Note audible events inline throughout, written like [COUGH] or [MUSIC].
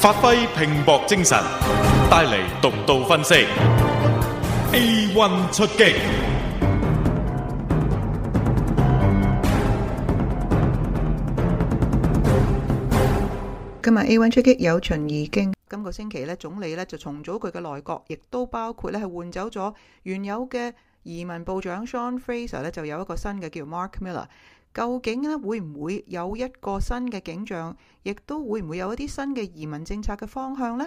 發揮拼搏精神，帶嚟獨到分析。A one 出擊，今日 A one 出擊有秦怡經。今個星期咧，總理咧就重組佢嘅內閣，亦都包括咧係換走咗原有嘅移民部長 Sean Fraser 咧，就有一個新嘅叫 Mark Miller。究竟咧，會唔會有一個新嘅景象，亦都會唔會有一啲新嘅移民政策嘅方向呢？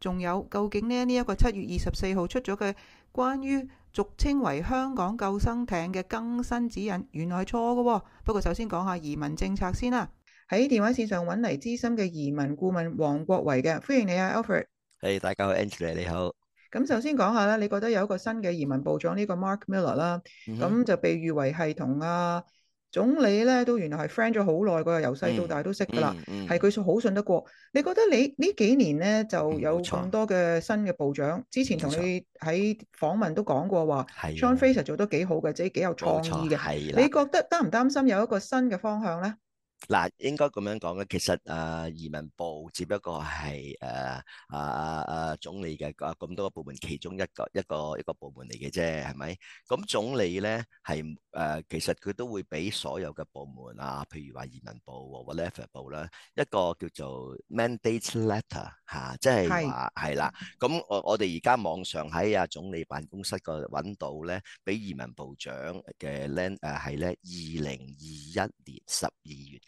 仲有究竟呢？呢、這、一個七月二十四號出咗嘅關於俗稱為香港救生艇嘅更新指引，原來係錯嘅、哦。不過首先講下移民政策先啦。喺電話線上揾嚟資深嘅移民顧問黃國維嘅，歡迎你啊，Alfred。係，hey, 大家好，Angela，你好。咁首先講下啦，你覺得有一個新嘅移民部長呢、這個 Mark Miller 啦、mm，咁、hmm. 就被譽為係同阿。總理咧都原來係 friend 咗好耐嘅，由細到大都識㗎啦。係，佢好信得過。你覺得你呢幾年咧就有咁多嘅新嘅部長，嗯、之前同你喺訪問都講過話，Sean 錯 Fraser 做得幾好嘅，的即係幾有創意嘅。你覺得擔唔擔心有一個新嘅方向咧？嗱，應該咁樣講咧，其實啊、呃，移民部只不過係誒啊啊啊總理嘅，啊咁多個部門其中一個一個一個部門嚟嘅啫，係咪？咁總理咧係誒，其實佢都會俾所有嘅部門啊，譬如話移民部和 whatever 部啦，一個叫做 mandate letter 吓、啊，即係話係啦。咁我我哋而家網上喺阿總理辦公室度揾到咧，俾移民部長嘅 land 誒係咧二零二一年十二月。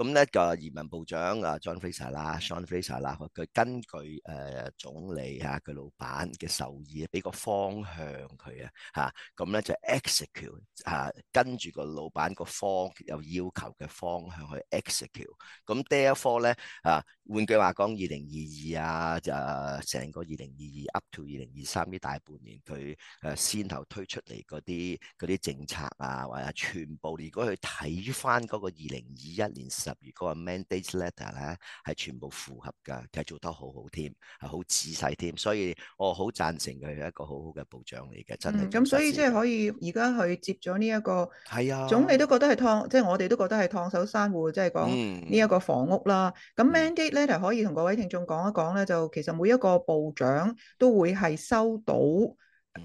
咁呢個移民部長啊 John Fraser 啦，John Fraser 啦，佢根據誒總理嚇佢老闆嘅授意，俾個方向佢啊嚇。咁咧就 execute 嚇，跟住個老闆個方有要求嘅方向去 execute。咁 Therefore 咧啊，換句話講，二零二二啊，就成個二零二二 up to 二零二三呢大半年，佢誒先後推出嚟嗰啲嗰啲政策啊，或者全部，如果去睇返嗰個二零二一年例如個 mandate letter 咧，係全部符合噶，其實做得好好添，係好仔細添，所以我好贊成佢係一個好好嘅部長嚟嘅，真係。咁、嗯、所以即係可以，而家去接咗呢一個，係啊總理都覺得係燙，即係我哋都覺得係燙手山芋，即係講呢一個房屋啦。咁、嗯、mandate letter 可以同各位聽眾講一講咧，就其實每一個部長都會係收到。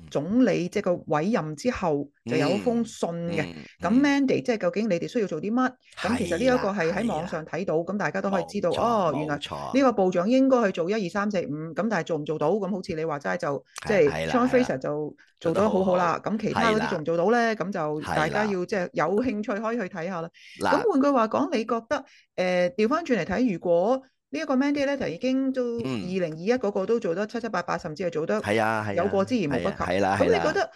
總理即係個委任之後，就有一封信嘅。咁 mandate，即係究竟你哋需要做啲乜？咁其實呢一個係喺網上睇到，咁大家都可以知道哦。原來呢個部長應該去做一二三四五，咁但係做唔做到？咁好似你話齋就即係 John Fraser 就做到好好啦。咁其他嗰啲仲唔做到咧？咁就大家要即係有興趣可以去睇下啦。咁換句話講，你覺得誒調返轉嚟睇，如果？呢一個 mandate letter 已經都二零二一嗰個都做得七七八八，甚至係做得係啊，有過之而無不及。係啦、嗯，咁、啊啊啊啊啊啊、你覺得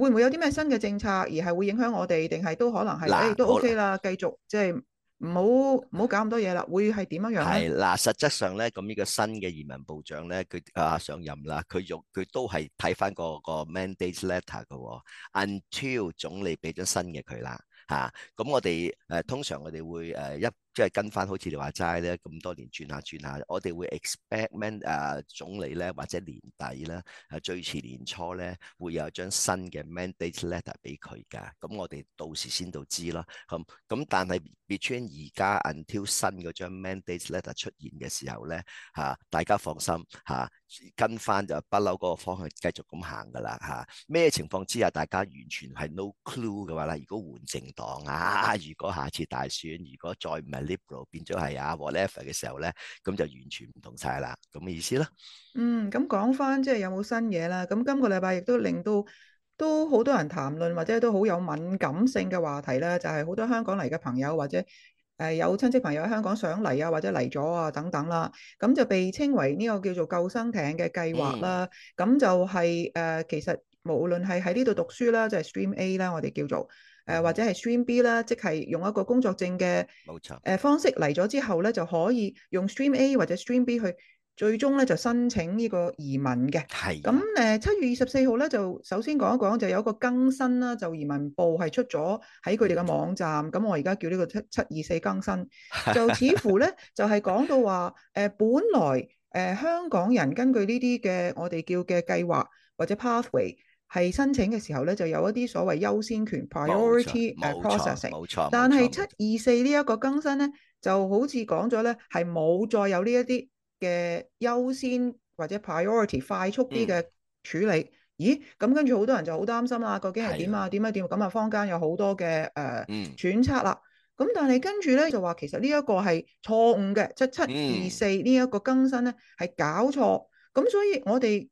會唔會有啲咩新嘅政策，而係會影響我哋，定係都可能係誒那、哎、都 OK 啦，繼我續即係唔好唔好搞咁多嘢啦。會係點樣樣？係嗱、啊，實質上咧，咁、這、呢個新嘅移民部長咧，佢啊上任啦，佢用佢都係睇翻個個 mandate letter 嘅喎、哦。Until 總理俾咗新嘅佢啦嚇。咁、啊、我哋誒、啊、通常我哋會誒一。啊即係跟翻好似你話齋咧，咁多年轉下轉下，我哋會 expect 咩誒、啊、總理咧或者年底咧，啊最遲年初咧會有張新嘅 mandate letter 俾佢㗎。咁我哋到時先到知啦。咁咁但係 between 而家 until 新嗰張 mandate letter 出現嘅時候咧、啊，大家放心、啊、跟翻就不嬲嗰個方向繼續咁行㗎啦。咩情況之下大家完全係 no clue 嘅話咧？如果換政黨啊，如果下次大選，如果再唔係 level 變咗係啊 whatever 嘅時候咧，咁就完全唔同晒啦，咁嘅意思咯。嗯，咁講返即係有冇新嘢啦？咁今個禮拜亦都令到都好多人談論，或者都好有敏感性嘅話題啦。就係、是、好多香港嚟嘅朋友，或者誒、呃、有親戚朋友喺香港上嚟啊，或者嚟咗啊等等啦。咁就被稱為呢個叫做救生艇嘅計劃啦。咁、嗯、就係、是、誒、呃，其實無論係喺呢度讀書啦，即、就、係、是、Stream A 啦，我哋叫做。誒或者係 Stream B 啦，即係用一個工作證嘅誒方式嚟咗之後咧，冇錯就可以用 Stream A 或者 Stream B 去最終咧就申請呢個移民嘅。係咁誒，七月二十四號咧就首先講一講，就有一個更新啦，就移民部係出咗喺佢哋嘅網站。咁冇錯我而家叫呢個七七二四更新，就似乎咧就係、是、講到話誒、 [LAUGHS] 呃，本來誒、呃、香港人根據呢啲嘅我哋叫嘅計劃或者 pathway。係申請嘅時候咧，就有一啲所謂優先權 （priority） 誒，processing。但係七二四呢一個更新咧，就好似講咗咧，係冇再有呢一啲嘅優先或者 priority 快速啲嘅處理。嗯、咦？咁跟住好多人就好擔心啦，究竟係點啊？點啊點？咁啊，坊間有好多嘅誒揣測啦。咁、uh, 嗯、但係跟住咧就話，其實呢一個係錯誤嘅，即係七七二四呢一個更新咧係搞錯。咁、嗯、所以我哋。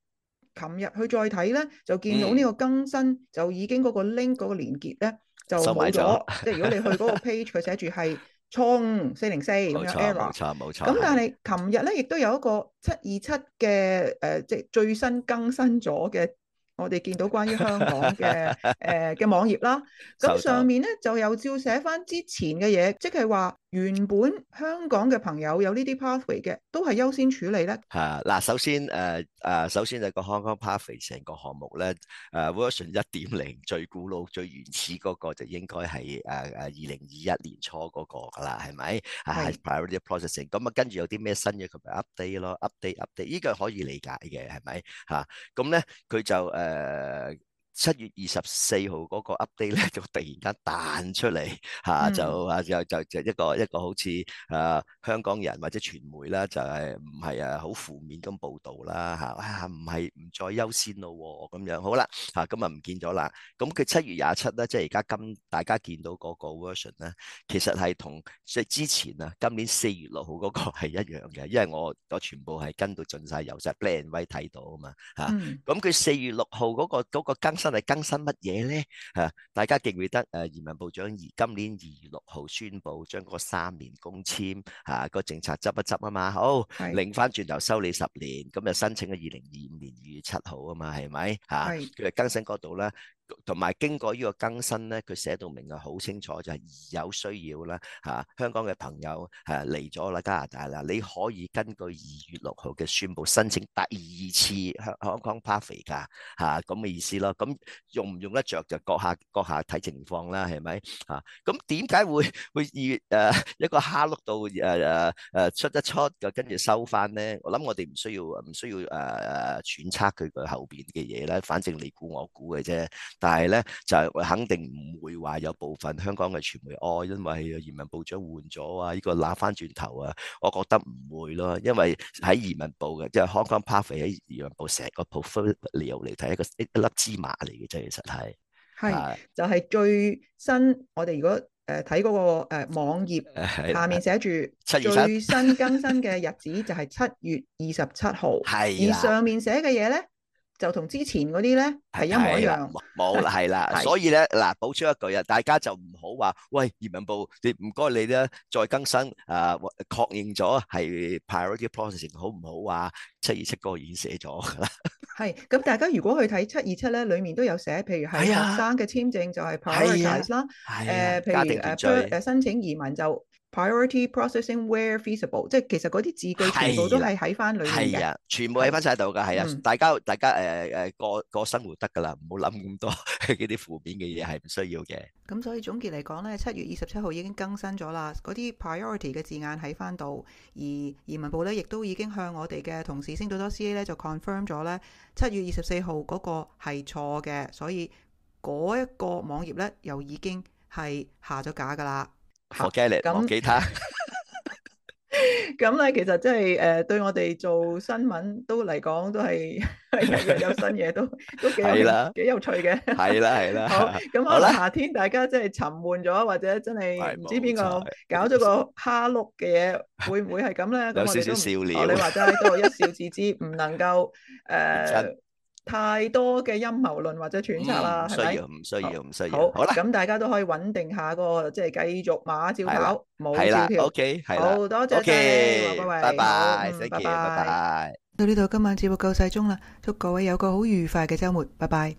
琴日去再睇咧，就見到呢個更新，嗯、就已經嗰個 link 嗰個連結咧、那個、就冇咗，買 [LAUGHS] 即係如果你去嗰個 page，佢寫住係錯四零四咁樣 error。冇錯冇錯。咁、er、ror 但係琴日咧，亦都有一個七二七嘅誒，即係最新更新咗嘅，我哋見到關於香港嘅誒嘅網頁啦。咁上面咧就有照寫翻之前嘅嘢，即係話。原本香港嘅朋友有呢啲 pathway 嘅，都係優先處理咧。吓嗱，首先誒誒、呃，首先就係個 Hong Kong pathway 成個項目咧、誒、呃、version 一點零，最古老最原始嗰個就應該係誒誒二零二一年初嗰個噶啦，係咪？係 priority processing。咁啊，跟住有啲咩新嘢，佢咪 update 咯，update update，呢 up 個可以理解嘅，係咪？吓、啊，咁咧佢就誒。呃七月二十四號嗰個 update 咧，就突然間彈出嚟嚇、嗯，就啊就就就一個一個好似啊香港人或者傳媒啦，就係唔係啊好負面咁報導啦嚇，啊唔係唔再優先咯咁、哦、樣，好啦嚇、啊，今日唔見咗啦。咁佢七月廿七咧，即係而家今大家見到嗰個 version 咧，其實係同即係之前啊，今年四月六號嗰個係一樣嘅，因為我我全部係跟到盡曬由實 plan 威睇到嘛啊嘛嚇，咁佢四月六號嗰個更。新係更新乜嘢咧？嚇，大家記唔記得誒移民部長而今年二月六號宣布將嗰三年公簽啊個政策執一執啊嘛？好，拎返轉頭收你十年，咁就申請咗二零二五年二月七號啊嘛，係咪嚇？佢係是更新嗰度啦。同埋經過呢個更新咧，佢寫到明啊，好清楚就係、是、有需要啦嚇，香港嘅朋友嚟咗啦加拿大啦，你可以根據二月六號嘅宣佈申請第二次香港 passage 噶嚇，咁嘅意思咯。咁、嗯、用唔用得着就閣下閣下睇情況啦，係咪嚇？咁點解會會二月誒、呃、一個蝦碌到誒誒、呃呃、出一出嘅，跟住收翻咧？我諗我哋唔需要唔需要誒揣、呃、測佢嘅後面嘅嘢啦，反正你估我估嘅啫。但係咧就肯定唔會話有部分香港嘅傳媒哦，因為移民部長換咗啊，呢、這個揦翻轉頭啊，我覺得唔會咯，因為喺移民部嘅即係 Hong Kong Pathway 喺移民部成個 portfolio 嚟睇，一個一粒芝麻嚟嘅啫，其實係係就係、是、最新我哋如果誒睇嗰個誒網頁下面寫住最新更新嘅日子就係七月二十七號，係而上面寫嘅嘢咧。就同之前嗰啲咧係一模一樣，冇啦，係啦，所以咧嗱補充一句啊，大家就唔好話喂移民部，你唔該你咧再更新啊、呃、確認咗係 priority processing 好唔好啊？七二七個已經寫咗啦。係， [LAUGHS] 咁大家如果去睇七二七咧，裡面都有寫，譬如係學生嘅簽證就係 priority 啦，譬如誒、啊、申請移民就。Priority processing where feasible，即係其實嗰啲字句全部都係喺翻裏邊嘅。係啊，全部喺翻晒度嘅。係啊的，大家大家誒誒過過生活得㗎啦，唔好諗咁多嗰啲負面嘅嘢係唔需要嘅。咁所以總結嚟講咧，七月二十七號已經更新咗啦，嗰啲 priority 嘅字眼喺翻度，而移民部咧亦都已經向我哋嘅同事升到多 CA 咧就 confirm 咗咧，七月二十四號嗰個係錯嘅，所以嗰一個網頁咧又已經係下咗架㗎啦。學吉他，咁咧其實即係誒，對我哋做新聞都嚟講，都係有新嘢，都都幾係啦，幾有趣嘅。係啦係啦，好，咁，好啦，夏天大家即係沉悶咗，或者真係唔知邊個搞咗個蝦碌嘅嘢，會唔會係咁咧？有少少笑了。你話齋呢個一笑置之，唔能夠誒。太多嘅陰謀論或者揣測啦，需要，唔需要，唔需要。好，好啦，咁大家都可以穩定下個，即係繼續馬照跑，冇呢啦，OK，係好多謝，各位，拜拜，再見，拜拜。到呢度今晚節目夠晒鐘啦，祝各位有個好愉快嘅周末，拜拜。